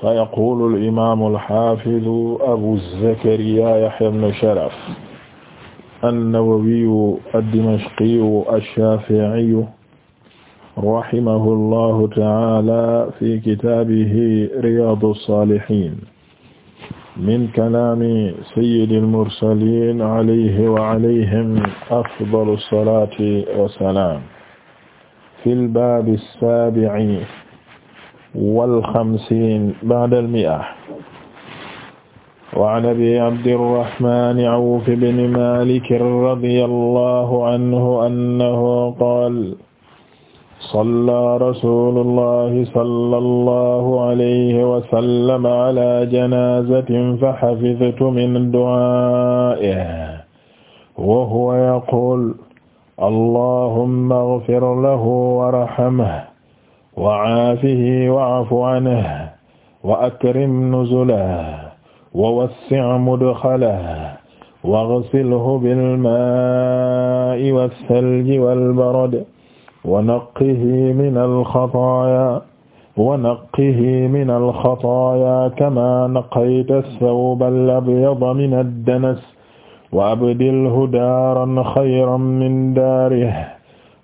fa yaqulu al-imaam al-haafidu abu zakariyaa yahyaa ibnu sharaf an-nawawiyyu ad-dimashqiyyu ash-shaafi'iyyu rahimahu llahu ta'aalaa fi kitaabihi riyaadu saalihiin min kalaami sayyidil mursaliin alayhi wa alayhim afdalu salaati wa salaam fil baabi as-saabi'i wal xamsiin ba'dal mi'a wa 'an abii Abdirrahmaani Awf ibn Maalik radiyallaahu anhu annahu qaala sallaa rasuulullaahi sallallaahu alayhi wa sallam 'alaa janaazatin fa hafiztu min du'aa'ihi wa huwa yaquulu allaahumma ighfir lahu warhamhu wa caafihi wa'fu canhu wa akrim nuzulahu wa wassi' mudxalahu waghsilhu bilmaa'i wassalji walbarad wa naqqihi minal xataayaa wa naqqihi minal xataayaa kamaa naqayta as-sawbal abyada minad danas wa abdilhu daaran xayran min daarihi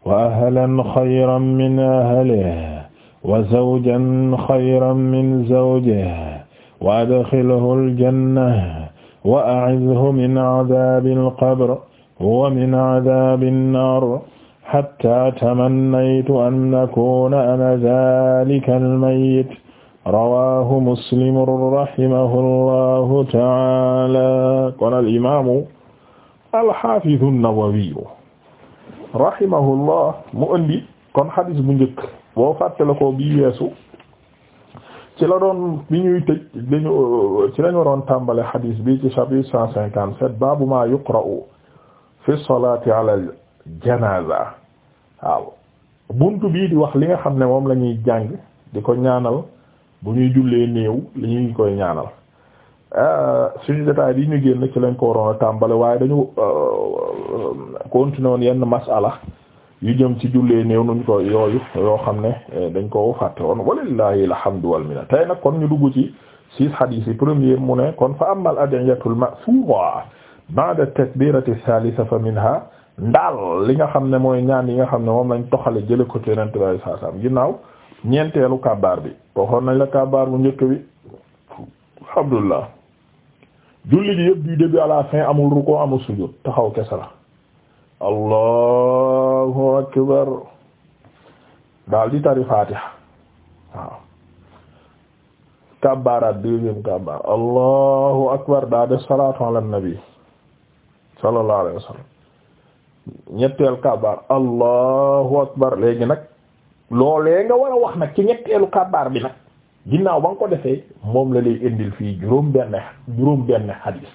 wa ahlan xayran min ahlihi wa zawjan xayran min zawjihi wa adxilhu aljanna wa a'izhu min adaabil qabr wa min adaabin naar xatta tamannaytu an akuuna ana zaalika almayit rawaahu muslim rahimahu allahu taala kon alimaamu alxaafidu nawawiyu rahimahullah mu indi kon xadis bu njëkk boo fàttale ko bii weesu ci la doon bi ñuy tëj dañu ci lañu waroon tàmbale xadiis bi ci chapitre cent cinquante sept baabu ma yuqra'u fi salaati ala al janaza waaw buntu bii di wax li nga xam ne moom lañuy jàng di ko ñaanal bu ñuy jullee néew li ñuy koy ñaanal euh, suñu détail yi ñu génn ci lañ ko waroon a tàmbale waaye dañu euh, continué woon yenn masala yu jëm ci jullee néew nuñ ko yooyu yoo xam ne eh, dañ ko fàtte woon walillahi alhamdu wal minna tey nag kon ñu dugg ci six hadith yi premier mu ne kon fa am amal adiyatul ma'thura ba'da takbirati thalitha fa minha ndaal li nga xam ne mooy ñaan yi nga xam ne moom lañ toxale jële ko ci yonente bi am saam ginnaaw ñeenteelu kabaar bi waxoon nañ la kabaar bu njëkk bi alhamdulillah julli gi yëpp du début à la fin amul ruku amul sujud taxaw kese la allahu akbar daal di tari fatiha waaw kabbaraat deuxième kabbar allahu akbar daa def salatu ala nabi sallallahu allahu akbar léegi nag loolee nga war a wax nag ci ñetteelu kabbar bi nag ginnaaw ba nga ko defee moom la lay indil fii juróom benn juróom benn xadiis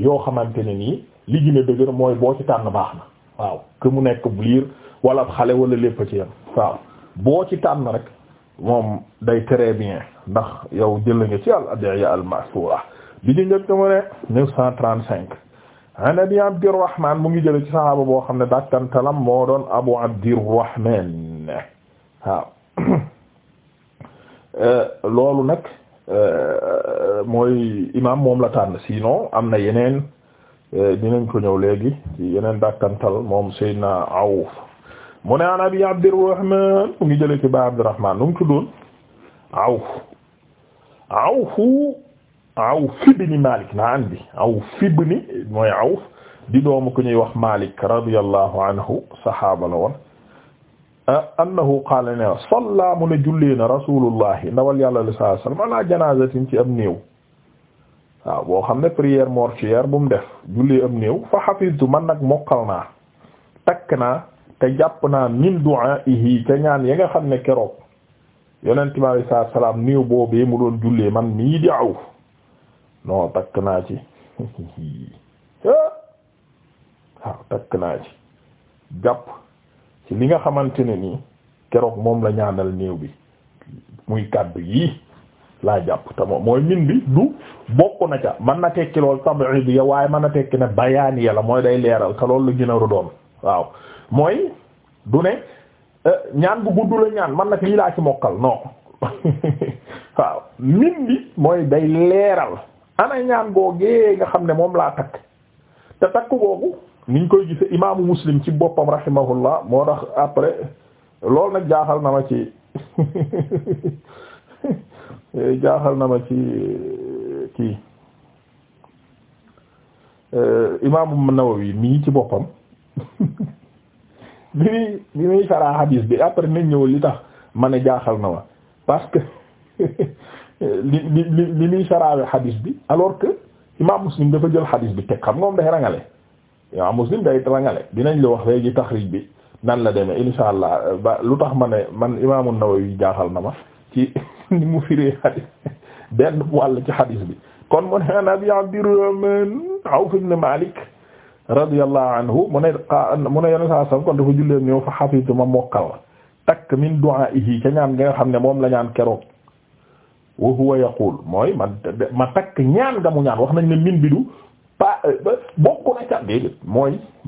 yoo xamante ne nii li gën a dëgër mooy boo ci tànn baax na waaw que mu nekk bu liir wala xale wala lépp ci yam waaw boo ci tànn rek moom day très bien ndax yow jël nga ci al adiya al masura bi di njëkk mu ne 935 an abi abdirahman mu ngi jël ci sahaaba boo xam ne dakkantalam moo doon abu abdirahman waaw euh, loolu nag euh, mooy imam moom la tànn sinon am na yeneen Eh, dinañ ko ñëw léegi ci yeneen dàkkantal moom Seydina Awf mu ne an abi Abdurrahman mu ngi jële ci ba Abdurrahman nu mu tuddoon Awf Awfu Awf ibn Malik na andi Awf ibn mooy di doomu ku ñuy wax Malik radiyallahu anhu saxaaba la woon eh, annahu qaala ne salla mu ne jullee na rasulullahi ndawal yàlla sallallahu alayhi wasallam ala janaazatin ci am néew waaw boo xam ne prière mortuaire bu mu def julli am néew fa hafiztu man nag mokkal naa takk naa te jàpp naa min du'a'ihi te ñaan ya nga xam ne keroog yonent bi alayhi salaatu salaam néew boobee mu doon jullee man nii di aw non takk naa ci waaw takk naa ci jàpp ci li nga xamante ne nii keroog moom la ñaanal néew bi muy kàddu yi laa jàpp te moom mooy min bi du bokk na ca man na tekki lool tabiid ya waaye man na tekki ne bayaan ya la mooy day leeral te loolu lu gën a waaw mooy du ne euh, ñaan bu gudd la ñaan man nag lii laa ci mokkal non waaw min bi mooy day leeral ana ñaan googee nga xam ne moom laa takk te takk googu niñ koy gise imaamu muslim ci boppam rahimahullah moo tax après loolu nag jaaxal na ma ci jaaxal na ma ci kii euh, imaamu Nawawi mii ci boppam bi muy bi muy saraa xadiis bi après nañ ñëw li tax ma ne jaaxal na ma parce que li li li li muy saraawe xadiis bi alors que imaam Muslim dafa jël xadiis bi teg xam nga moom day rangale imaam Muslim day rangale dinañ la wax léegi tax taxriij bi nan la demee insha allah ba lu tax ma ne man imaamu Nawawi jaaxal na ma ci ni mu firee xadis benn wàll ci xadis bi kon mu ne an abi Abdurrahman Awf ibn Malik radiyallahu anhu mu ne mu ne yeneen saa sam nga xam ne moom la ñaan keroog wa huwa yaqul ma ma takk ñaan nga mu wax nañ ne min bi du pa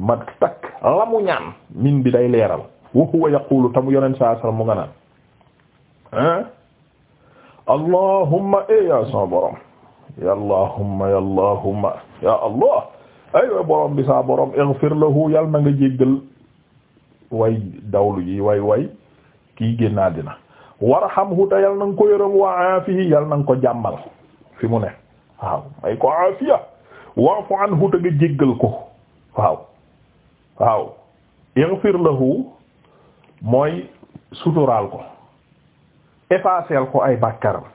ma takk la mu ñaan bi day leeral wa huwa yaqulu mu nga naan allahumma e ya sa borom ya allahumma ya allah ay way borom bi sa borom ighfir lahu yal na nga jéggal way dawlu ji way way kii génnaa dina warhamhu ta yal na nga ko yërëm wa aafihi yal na nga ko jàmmal fi mu ne waaw may ko aafiya wa'fu anhu ta nga jéggal ko waaw waaw ighfir lahu mooy suturaal ko effaceel ko ay bàkkaram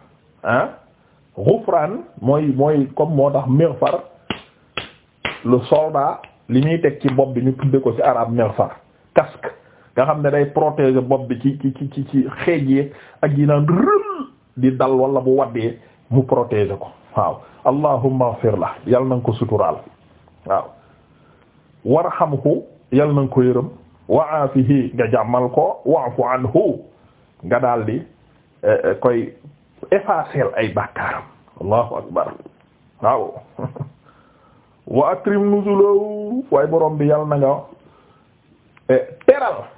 ah gufraan mooy mooy comme moo tax mighfar le soldat li ñuy teg ci bopp bi ñu tudde ko ci arabe mighfar casque nga xam ne day protéger bopp bi ci ci ci ci xeej yi ak yi naan rël di dal wala bu waddee mu protéger ko waaw allahumma ighfir la yal na nga ko suturaal waaw warhamhu yal na nga ko yërëm wa aafihi nga jàmmal ko wa'fu anhu nga daldi koy effacer ay bàkkaaram allahu akbar waaw wa akrim nuzulahu waaye borom bi yàlla na nga e, teral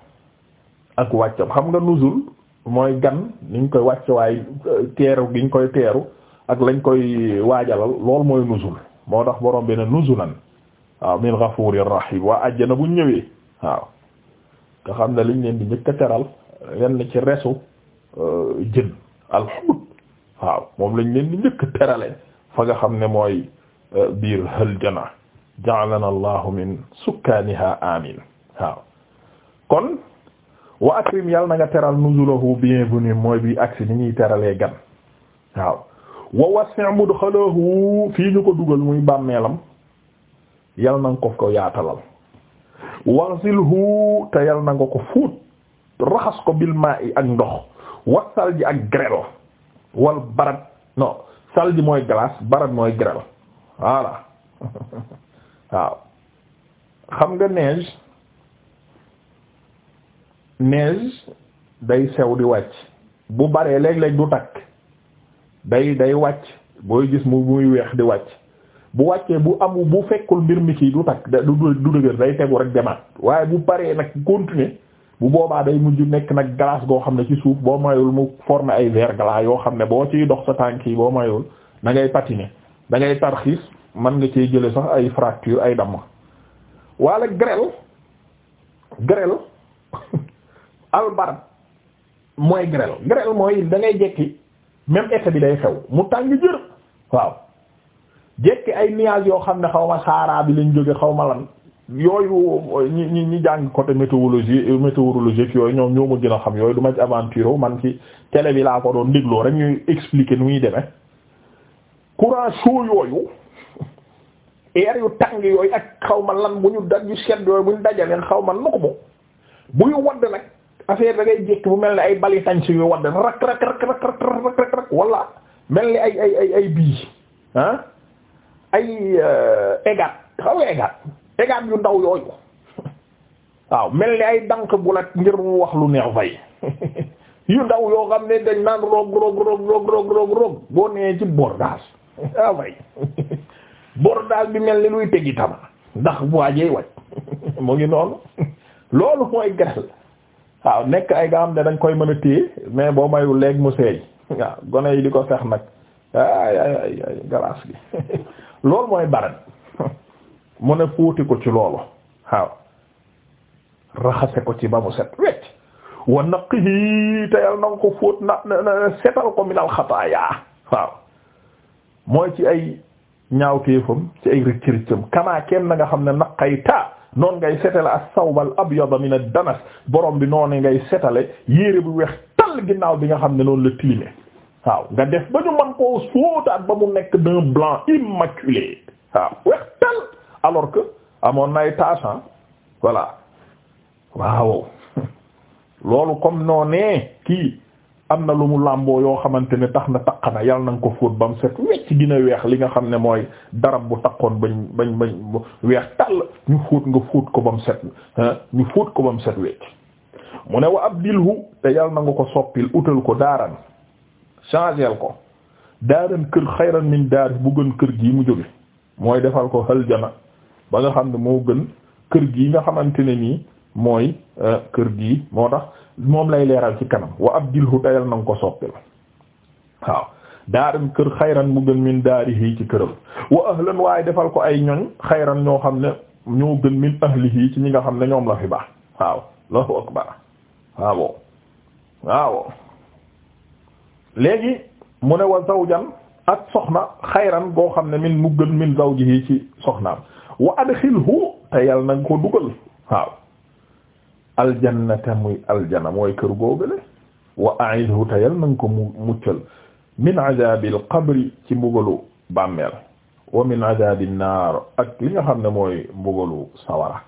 ak wàccam xam nga nuzul mooy gan niñ koy wàcc waay e, teeru giñ koy teeru ak lañ koy waajalal lool mooy nuzul moo tax borom bi ne nuzulan waaw min ghafurir rahim waa àjjana bu ñëwee waaw nga xam ne liñ leen di njëkk a teral yenn ci resu Euh, jën alxut waaw moom lañ leen di njëkk terale fa nga xam ne mooy euh, biir aljana ja'alana allahu min sukkaaniha amin waaw kon wa akrim yàlla na nga teral nuzulahu bienvenue mooy bi agsi ni ñuy teralee gan waaw wa wasi' mudxalahu fii ñu ko dugal muy bàmmeelam yal na nga ko ko yaatalal waxsilhu te yal na nga ko fuut raxas ko bil maa'i ak ndox wa salji ak grêle wal barat non salji mooy glace barat mooy grêle waaw xam nga neige neige day sew di wàcc bu baree léeg-léeg du takk day day wàcc booy gis mu muy weex di wàcc bu wàccee bu amu bu fekkul mbir mi kii du takk du du dëgër day tegu rek demaat waaye bu baree nag continuer bu boobaa day mujj nekk nag glace goo xam ne ci suuf boo mayul mu former ay verglas yoo xam ne boo ciy dox sa tànk yi boo mayul da ngay patiner da ngay tarxiis man nga cee jële sax ay fracture ay damm wala grêle grêle albarde mooy grêle grêle mooy da ngay jekki même état bi day xew mu tàng jër waaw jekki ay nuages yoo xam ne xaw ma saaraa bi lañ jóge xaw ma lan yooyu ñi ñi ñi jàng côté météorologie météorologique yooyu ñoom ñoo ma gën a xam yooyu duma ma ci aventure man ci télé bi laa ko doon dégloo rek ñuy expliquer nu muy demee courant chaud yooyu air yu tàng yooyu ak xaw ma lan bu ñu daj yu sedd yooyu bu ñu dajaleen xaw ma nu ko moom buy wadd nag affaire da ngay jékki bu mel ni ay bali tañ si yu wadd rak rak rak rak rak wala mel ni ay ay ay ay bii ah, ay euh, égat xaw nga égat egaam yu ndaw yooyu waaw mel ni ay dank bu la ngir mu wax lu neex fay yu ndaw yoo xam ne dañ naan rog rog rog rog rog boo nee ci bordage waaw bi mel ni luy teggi tama ndax waajee waj mu ngi noonu loolu mooy garal waaw nekk ay nga xam ne dañ koy mën a téye mais boo mayul léegi mu seey waaw gone yi di ko fex nag ay ay ay galaas gi loolu mooy baran mu ne fóoti ko ci loolu waaw raxase ko ci ba mu set wecc wa naqihi te yal na nga ko fóot na setal ko minal xataaya waaw mooy ci ay ñaawteefam ci ay rëcc rëccam kamaa kenn na nga xam ne naqayta noon ngay setale as-sawb al-abyad min ad-danas borom bi noonu ngay setale yére bu weex tal ginnaaw bi nga xam ne noonu la tilime waaw nga def ba ñu mën koo fóotaat ba mu nekk d'un blanc immaculé weex tal alors que amoon nay tâche voilà waaw loolu comme noo kii am na lu mu làmboo yoo xamante ni tax na taq na yàlla na nga ko fóot ba mu set wecc dina weex li nga xam ne mooy darab bu taqoon bañ bañ bañ weex tàll ñu fóot nga fóot ko ba mu set ko ba mu set wecc mu ne wa abdilhu te yàlla na nga ko soppil utal ko daaran changel ko daaran kër xayran min daar bu gën kër gi mu jóge mooy defal ko hal ba nga xam ne moo gën kër gi nga xamante ne nii mooy euh, kër gi moo tax moom lay leeral ci kanam wa abdilhu tayal na nga ko soppil waaw daaram kër xayran mu gën min daarihi ci këram wa waaye defal ko ay ñoñ xayran ñoo xam ne ñoo gën min ci ñi nga xam ne ñoom la fi baax waaw Allahu akbar waaw waaw léegi mu ne wa zawjan ak soxna xayran boo xam ne min mu gën min zawjihi ci soxnaam wa adxilhu te yal na nga ko dugal waaw aljannata muy aljana mooy kër googale wa a'idhu te yal na nga ko mu muccal min adabil qabri ci mbugalu bàmmeel wa min adabin naar ak li nga xam ne mooy mbugalu sawara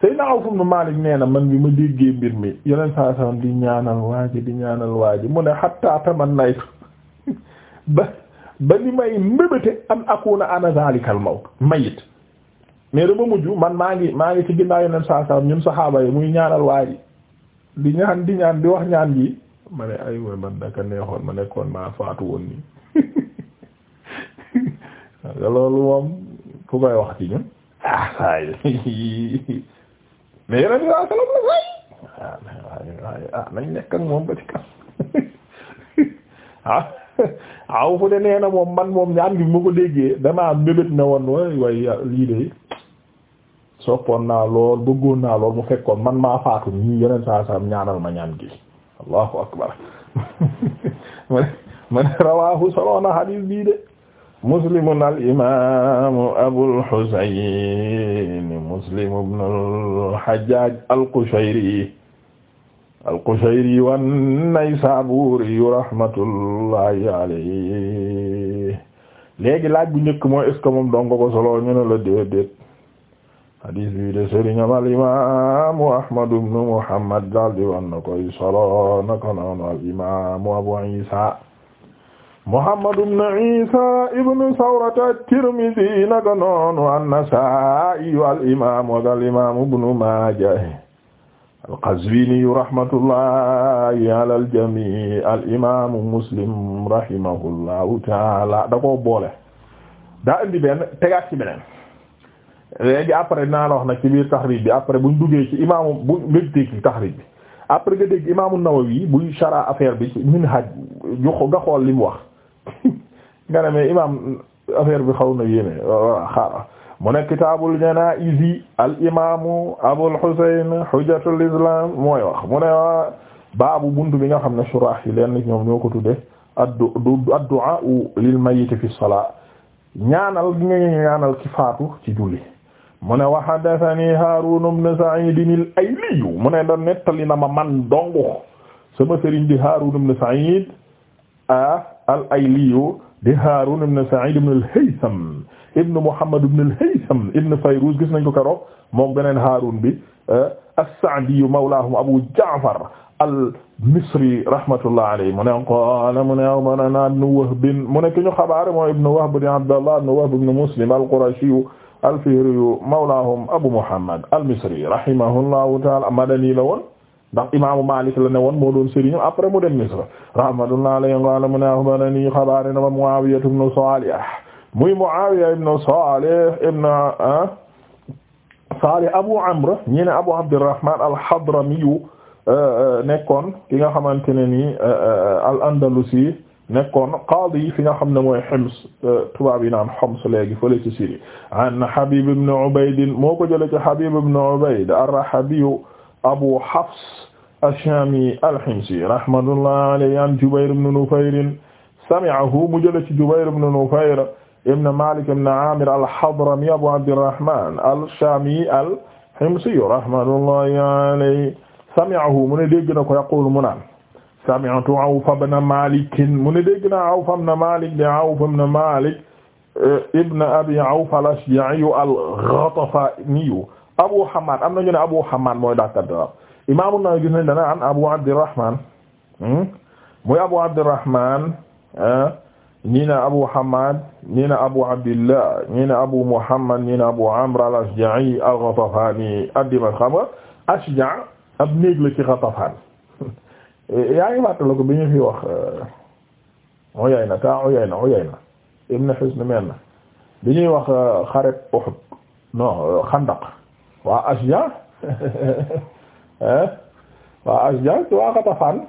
Seydina Awf ibn Malik nee na man bi ma déggee mbir mi yeneen saa sallam di ñaanal waaji di ñaanal waaji mu ne hatta tamannaytu ba ba ni may mbébéte an akuna ana zalikal mawt mayit mais dama mujj man maa ngi maa ngi ci ginnaaw yeneen saa saa ñun saxaaba yi muy ñaanal waa ji di ñaan di ñaan di wax ñaan gi ma ne ay woy man ma nekkoon maa faatu woon loolu moom fu koy wax ci ñun ah saay ah, ah, nañ nekk ak moom ba ci kam ah aw ah, fu de nee na moom man moom ñaan gi bu ma ko déggee damaa mébét na woon way way lii de soppoon naa lool bëggoon naa lool bu fekkoon man maa faatu ñii yeneen saa saa ñaanal ma ñaan gi allahu akbar ma ne ma ne rawaahu bii de muslimun al imaamu abul xuseyn muslim ibn al xajjaaj al qushayri al qushayri wan naysaburi rahmatullahi alayhi léegi laaj bu njëkk mooy est moom dongo solo ñu la déedéet hadis bi de sëriñam al imaamu ahmadu ibnu muhammad koy solo naka noonu al imaamu abu isa muhammadu ibnu isa ibnu sawrata tirmidi naka noonu annasaa'i al imaamu ak al imaamu ibnu maaja al qazwini alal jamii al imaamu muslim rahimahullahu taala da koo boole daa indi benn tegaat ci beneen léegi après naa la wax nag ci biir taxrij bi après buñ duggee ci imaamu bu nga dégg taxrij bi après nga dégg imaamu Nawawi buy shara affaire bi ci Minhaj nga xool li mu wax nga ne imaam affaire bi xaw na yéeme xaaral mu ne kitaabul janaa'iz al imaamu Abul Husayn hujjatul islam mooy wax mu ne baabu buntu bi nga xam ne shuraax yi leen ñoom ñoo ko tuddee addu addu'a lil mayyit fi salaa ñaanal gi nga ñaanal ki faatu ci julli. mu ne wa haddathani Haarun ibn Sa'id al-Ayli mu ne da nettali na ma man dong sama sëriñ di Haarun ibn Sa'id al-Ayli di Haarun ibn Sa'id ibn al-Haytham ibn Muhammad ibn al-Haytham ibn Fayruz gis nañ ko keroog moom beneen Haarun bi as-Sa'di mawlaahum Abu Ja'far al-Misri rahmatullah alayhi mu ne qaala mu ne akhbaranaa ibn Wahb mu ne ki ñu xabaar mooy ibn Wahb ibn Abdullah ibn Wahb ibn Muslim al-Qurashi al-Fihriyu mawlaahum Abu Muhammad al-Misri rahimahullahu ta'ala madani la woon ndax imaamu Maalik la ne woon moo doon sëriñam après mu dem Misra rahmatullahi alayhi qala mu ne akhbarani xabaare na Muawiya ibn Salih muy Muawiya ibn Salih ibn ah, Salih Abu Amr ñi ne Abu Abdurrahman al-Hadramiyu eh, eh, nekkoon ki nga xamante ne ni eh, al-Andalusi nekkoon qaadi fi nga xam ne mooy Hims euh, tubaab yi naan Homs léegi fële ci Syrie an Habib ibn Ubayd moo ko jëlee ci Habib ibn Ubayd ar-Rahabi Abu Hafs ash-Shami al-Himsi rahmatullahi alayhi an Jubayr ibn Nufayr sami'ahu mu jëlee ci Jubayr ibn Nufayr ibn Malik ibn Amir al-Hadrami Abu Abdirrahman al-Shami al-Himsi rahmatullahi alayhi sami'ahu mu ne dégg na ko yaqulu mu naan sami'tu Awf ibn Malik mu ne dégg naa Awf ibn Malik di Awf ibn Malik eh, ibn Abi Awf al-Ashja'i al-Ghatafani Abu Hammad am na ñu ne Abu Hammad mooy dàkkantalam Imam An-Nawawi gis nañ dana an Abu Abdirrahman hmm? muy Abu Abdirrahman eh? ñii ne Abu Hammad ñii ne Abu Abdillah ñii ne Abu Muhammad ñii ne Abu Amr al-Ashja'i al-Ghatafani ad-Dimashqi xam nga Ashja' ab néeg la ci Ghatafan yaa ngi fàttala ko bi ñu fi wax Uyayna ta Uyayna Uyayna ibn Hisn men bi ñuy wax xaret Uhud non Xandaq waa Ashja waa Ashja ci waa Xatafaan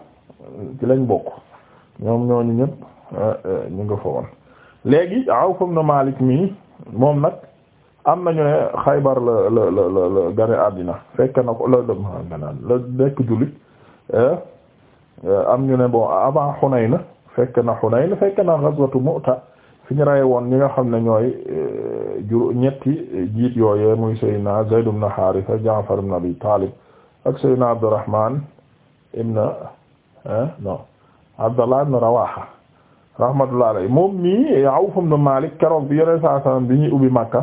ci lañ bokk ñoom ñooñu ñëpp ñu nga fa woon léegi Awf ibn Malik mii moom nag am nañu ne Xaybar la la la la gane àddina fekk na ko la la gane àddina la nekk jullit Euh, am ñu ne bon avant Hunayna fekk na Hunayna fekk na ghazwatu Mu'ta fi ñu rey woon ñi nga xam ne ñooy euh, jur ñetti jiit yooyee muy Seydina Zayd ibn Haritha Jaafar ibn Abi Talib ak Seydina Abdurrahman ibn non Abdallah ibn Rawaha rahmatullah alayhi moom mii Awf ibn Malik keroog bi yoneen saa bi ñuy ubbi Makka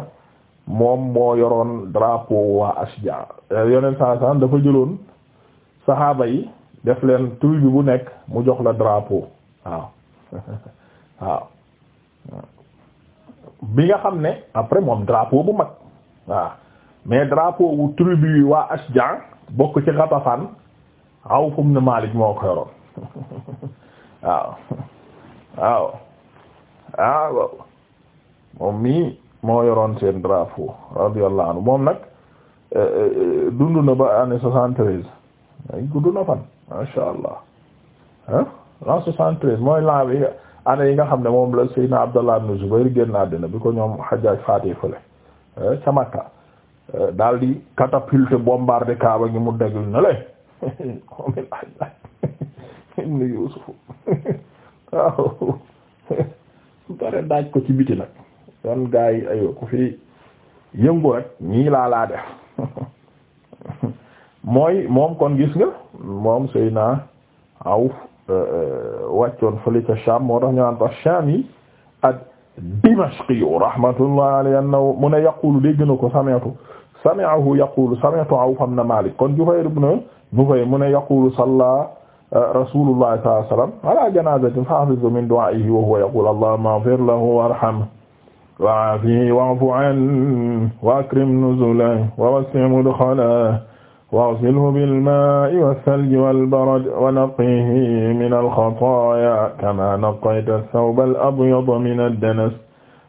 moom moo yoroon drapeau waa Ashja yoneen saa dafa jëloon saxaaba yi def leen tribu bu nekk mu jox la drapeau waaw waaw bi nga xam ne après moom drapeau bu mag waaw mais drapeau bu tribu yi waa Ashja bokk ci Ghatafan Awf ibn Malik moo ko yoroon waaw ah, waaw moom mii moo yoroon seen drapeau radiyallahu anhu moom nag eh, eh, eh, dund na ba année soixante-treize ay gudd na fan masha allah ah soixante-treize mooy l'an bi année yi nga xam ne moom la Seydina Abdallah ibn Zubayr génn àddina bi ko ñoom Hajjaj faatee fële ca Makka di catapulte bombarde Kaaba gi mu déglu ne le moom il Hajjaj ibn Yuusuf waaw bare daaj ko ci biti nag kon gaa yi aywa ku fi yëngu rek ñii laa laa def mooy moom kon gis nga moom Seydina Awf euh, euh, wàccoon fële ca Sham moo tax ñu naan ko Shami ak Dimashqi rahmatullah alayhi annahu mu ne yaqulu dégg na ko sami'tu sami'ahu yaqulu sami'tu Awf ibn Malik kon Jufayr ibn Nufayr mu ne yaqulu salla euh, rasulullah sallallahu alayhi wasallam ala janazatin fahafizu min du'a'ihi wa huwa yaqulu allahumma ighfir lahu warhamhu wa'afihi wa'fu anhu wa akrim nuzulahu wa wasi' mudkhalahu واغسله بالماء والثلج والبرد ونقه من الخطايا كما نقيت الثوب الأبيض من الدنس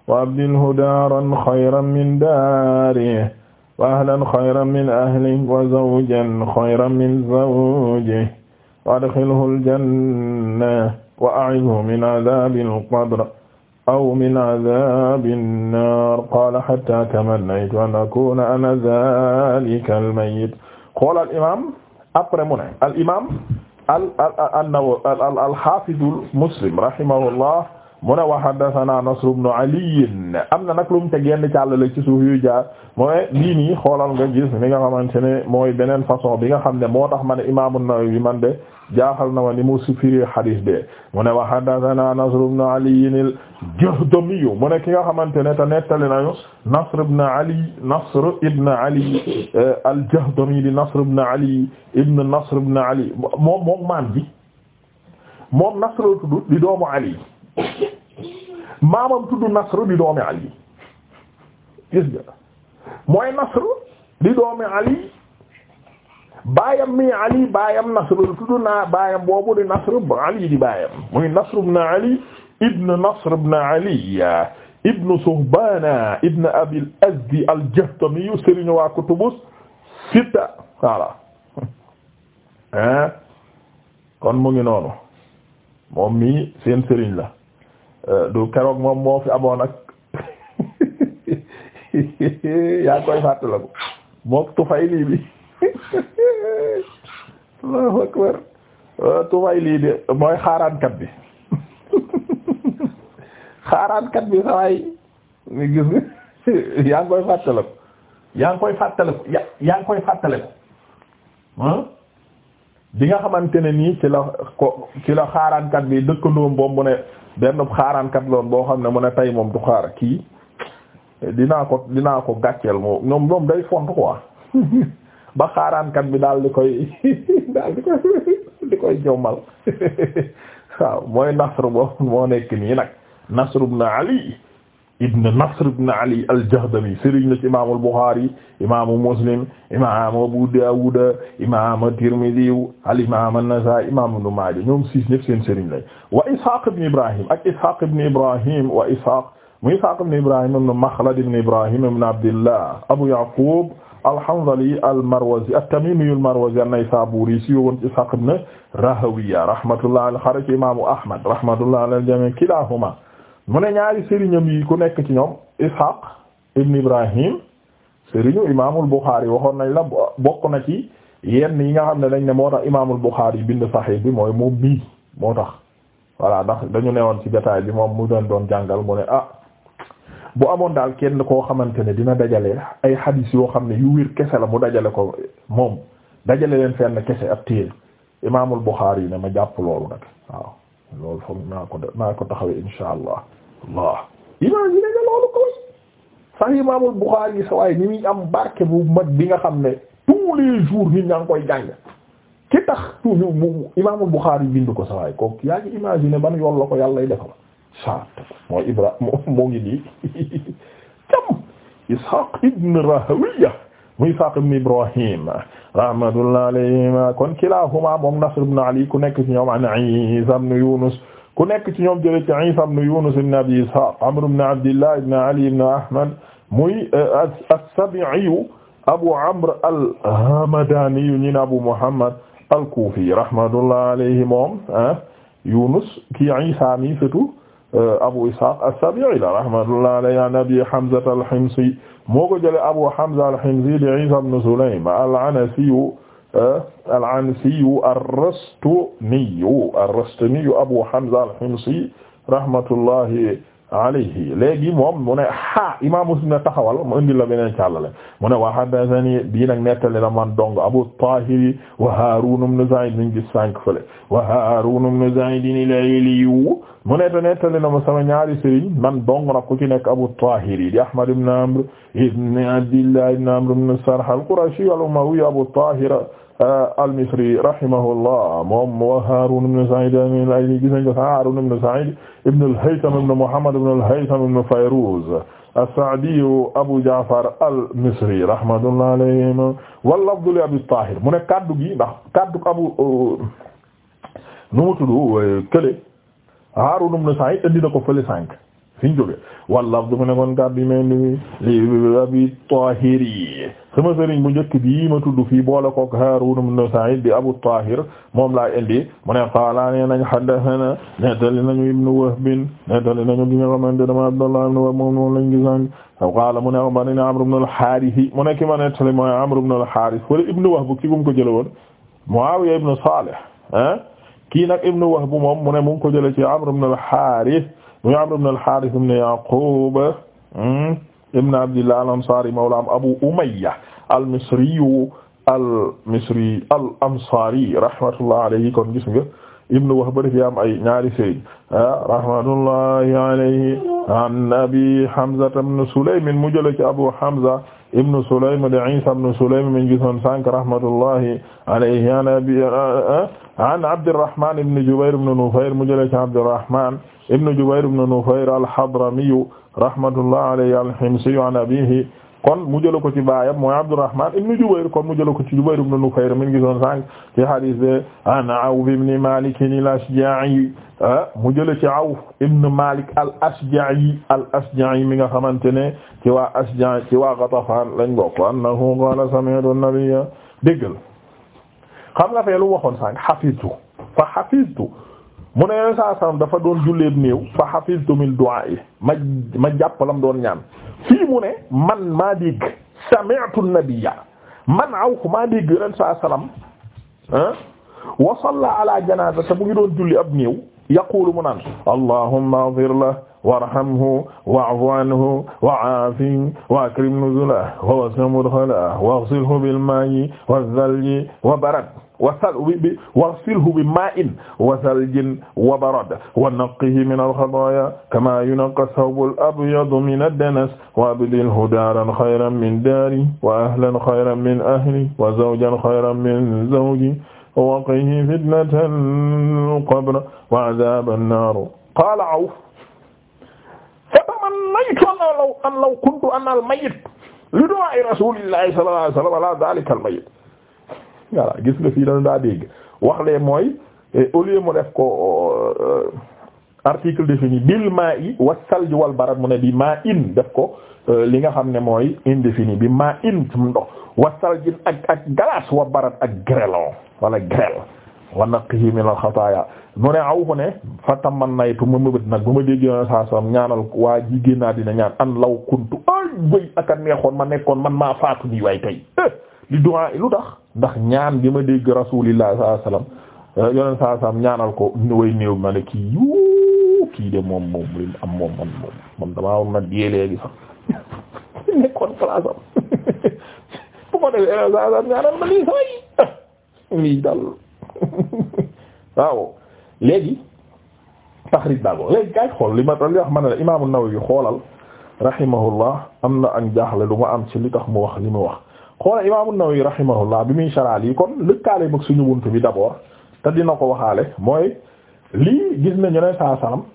وأبدله دارا خيرا من داره وأهلا خيرا من أهله وزوجا خيرا من زوجه وأدخله الجنة وأعذه من عذاب القبر أو من عذاب النار قال حتى تمنيت أن أكون أنا ذلك الميت xool al imaam après mu ne al imaam al al al al al al xaafidul muslim rahimahullah mu ne wa haddathana Nasr ibn Ali am na nag lu mu teg yenn càllale ci suuf yu jaar mooy lii nii xoolal nga gis ni nga xamante ne mooy beneen façon bi nga xam ne moo tax ma ne imaam an-Nawawi man de. jaaxal na ma ni mu firi hadis de mu na wa haddathana Nasr ibn Ali al-Jahdami ki nga xamante ne te nettali nañu Nasr ibn Ali Nasr ibn Ali eh, al-Jahdami di Nasr ibn Ali ibn Nasr ibn Ali moom moom maam ji moom doomi Ali gis nga mooy Nasr di doomi Ali baayam mi ali baayam nasr tudd naa baayam boobu di nasr ibn ali di baayam muy nasr ibn ali ibn nasr ibn ali ibn suhbana ibn abi al-azdi al sëriñ waa kutubus sitta voilà hein kon mu ngi noonu moom mii seen sëriñ la euh, du keroog moom moo fi amoon yaa koy fàttaliku mook Tufayli bi allahu ah, lii de mooy xaaraankat bi xaaraankat bi sawaay ni gis nga yaa ngi koy fàttaliku yaa ngi koy fàttale ya yaa ngi koy fàttaliku ah? bi nga xamante ne nii ci la ko ci la xaaraankat bi dëkkandoom boobu mu ne benn xaaraankat loon boo xam ne mu ne tey moom du xaar kii dinaa ko dinaa ko gàcceel moom ñoom day font quoi ba xaaraankat bi daal di koy daal di koy jommal mooy Nasr boobu moo nekk nii Nasr ibn Ali ibn Nasr ibn Ali al-Jahdami sëriñ la ci Muslim imaamu Abu Dawud imaamu Tirmidhi al-imaamu An-Nasa'i imaamu Ibn Maaja ñoom siis ñëpp wa Ishaq ibn Ibrahim wa Ishaq mu Ibrahim ibn Makhlad ibn Ibrahim ibn Abdillah Abu Yaqub al-Hanzali al-Marwazi at-Tamimi al-Marwazi an-Naysaburi si woon ci Ishaq ibn Rahawiya rahmatullah al-Kharaji imaamu Ahmad rahmatullah alal jami' kilahuma mu ne ñaari sëriñam yi ku nekk ci ñoom Ishaq ibn Ibrahim sëriñu imaamul Bukhari waxoon nañ la bokk na ci yenn yi nga xam ne dañ ne moo tax imaamul Bukhari bind Sahih bi mooy moom bii moo tax voilà ndax dañu newoon ci jotaay bi moom mu doon doon jàngal mu ne ah. bu amoon daal kenn koo xamante ne dina dajale ay xadiis yoo xam ne yu wér kese la mu dajale ko moom dajale leen fenn kese ab téere imaamul Buxaari yi ne ma jàpp waaw loolu foog naa ko ko taxawee insha allah allah imaam yi ne loolu ko sax imaamul Buxaari yi sa waaye ni muy am barke bu mag bi nga xam ne tous les jours nit ñaa koy jàng ki tax toujours mu imaamul Buxaari bind ko sawaay waaye kooku yaa ngi imaginer ban yoon la ko yàlla lay defal Ishaq mooy Ibrahima moo ngi nii tam Ishaq ibn Rahawiya muy Ishaq ibn Ibrahim rahmatullah alayhima kon kilahuma moom Nasr ibn Ali ku nekk ci ñoom an Isa ibn Yunus ku nekk ci ñoom jële ci Isa ibn Yunus ibn Abi Ishaq Amr ibn Abdillah ibn Ali ibn Ahmad muy eh, as-Sabi'i Abu Amr al-Hamadani ñu ne Abu Muhammad al-Kufi rahmatullah alayhi moom eh, Yunus ki Isa mi surtout Euh, Abu Ishaq as-Sabi'i rahmatullahi alayhi an Abi Hamza al-Himsi moo ko jëlee Abu Hamza al-Himsi di Isa ibn Sulaym al-Ansi euh, al-Ansi ar-Rastani ar-Rastani Abu Hamza al-Himsi rahmatullahi alayhi léegi moom mu ne ha imam Muslim ne taxawal mu indi la beneen càllale mu ne wa hadathani bii nag nettali la man dong Abu Tahir wa Harun ibn Sa'id min gis sànq fële wa Harun ibn Sa'id al-Ayli mu ne te nettali la ma sama ñaari sëriñ man dong na ku ci nekk Abu Tahir di Ahmad ibn Amr ibn Abdillah ibn Amr ibn Sarh al-Qurashi al-Umawi Abu Tahir Euh, al-Misri rahimahullah moom wa Haarun ibn Sa'iid al-Ayli gis nañ ko Haarun ibn Sa'iid ibn al-Haytham ibn Muhammad ibn al-Haytham ibn Fayruz as-Sa'di Abu Ja'far al-Misri rahmatullahi alayhim wal-lafdu li Abi Taahir mu ne kaddu gi ndax kaddu abu nu mu tudd kële Haarun ibn Sa'iid indi na ko fële sànq fi ñu jógee wal-lafdu mu ne kon kaddu yi mel ni li Abi Taahir sama sëriñ bu njëkk bi ma tudd fii boole kook Haarun ibn Sa'iid di Abu Taahir moom laa indi mu ne qaala nee nañ haddathana nettali nañu ibnu Wahb nettali nañu bi nga xamante dama Abdullah ibn Wahb moom moom lañ gisan qaala mu ne axbarani Amr ibn al-Haarith mu ne ki ma nettali mooy Amr ibn al-Haarith wala ibnu Wahb ki gum ko jële woon Muawiya ibn Saalih ah kii nag ibnu Wahb moom mu ne mu ngi ko jële ci Amr ibn al-Haarith muy Amr ibn al-Haarith ibn Yaqub hmm. ibn abdillah al ansari mawlaam abu umayya al misriyu al misri al ansari rahmatullah alayhi kon gis nga ibnu Wahb daf am ay ñaari sëriñ ah, rahmatullahi alayhi an Abi Hamza ibn Sulaym mu jël ci Abu Hamza ibn Sulaym de Isa ibn Sulaym min gisoon sànq rahmatullahi alayhi an abi ah, an Abdurrahman ibn Jubayr ibn Nufayr mu jël ci Abdurrahman ibn Jubayr ibn Nufayr al-Hadrami rahmatullahi alayhi al-Himsi an abihi kon mu jëla ko ci baayam mooy Abdurrahman ibn Jubayr kon mu jëla ko ci Jubayr ibn Nufayr min gisoon sànq ci hadis de an Awf ibn Malik al-Ashja'i mu jëla ci Awf ibn Malik al-Ashja'i al-Ashja'i mi nga xamante ne ci waa Ashja'i ci waa Ghatafan lañ bokk annahu qala sami'tu an-nabiyya déggal xam nga fee lu waxoon sànq hafiztu fa hafiztu mu ne yoneen saa sallam dafa doon julleeb néew fa hafiztu min du'a yi ma ma jàppalam doon ñaan fii mu ne man maa dégg sami'tu nabiyya man aw maa dégg yoneen saa sallam wa salla ala janaza te mu ngi doon julli ab néew yaqulu mu naan allahumma ighfir lahu warhamhu wa'fu anhu wa'aafihi wa akrim nuzulahu wa wasi' mudkhalahu waghsilhu bil maa'i wadh-thalji wa barad waghsilhu bi maa'in wa thaljin wa barad wa naqqihi min al-khataaya kamaa yunqaa ath-thawbu al-abyadu min ad-danas wa abdilhu daaran khayran min daarihi wa ahlan khayran min ahlihi wa zawjan khayran min zawjihi wa qini fitnata al-qabr wa 'adhaaba an-naar qaala 'awf laytu ana law an law kuntu ana al mayit li du'a rasulillahi sallallahu alayhi wa sallam ala dhalika gis nga fii dañu daa dégg wax lee mooy au lieu mu def ko euh, article défini bil ma'i was salj wal barad mu ne bi ma'in def ko euh, li nga xam ne mooy indéfini bi ma'in ndox was salj ak ak glace wa barad ak grêlon wala grêle wa naqqihi min al-xataaya mu ne aw fu ne fa tamannaytu ma mëbët nag ba ma dégg yoon saa saam ñaanal waa jigéen naa dina ñaan an ma nekkoon man maa faatu nii waaye tey eh, li du'a tax ndax ñaan bi ma dégg rasuulillah saa saam ñaanal ko way néew ma ne kii yuu kii de moom moom li am moom man damaa war na déelee gi sax nekkoon place bu ma defee saa saam ñaanal ma lii saa yi eh, lii daal waaw léegi taxrij baa boobu léegi kay xool li ma li wax ma ne la imaam an-Nawawi xoolal rahimahullah am na ak jaaxle lu ma am ci li tax mu wax li mu wax xoolal imaam an-Nawawi rahimahullah bi muy saraal yi kon lëkkaale mag suñu bunt bi d'abord te dina ko waxaale mooy lii gis nañu ne saa salaam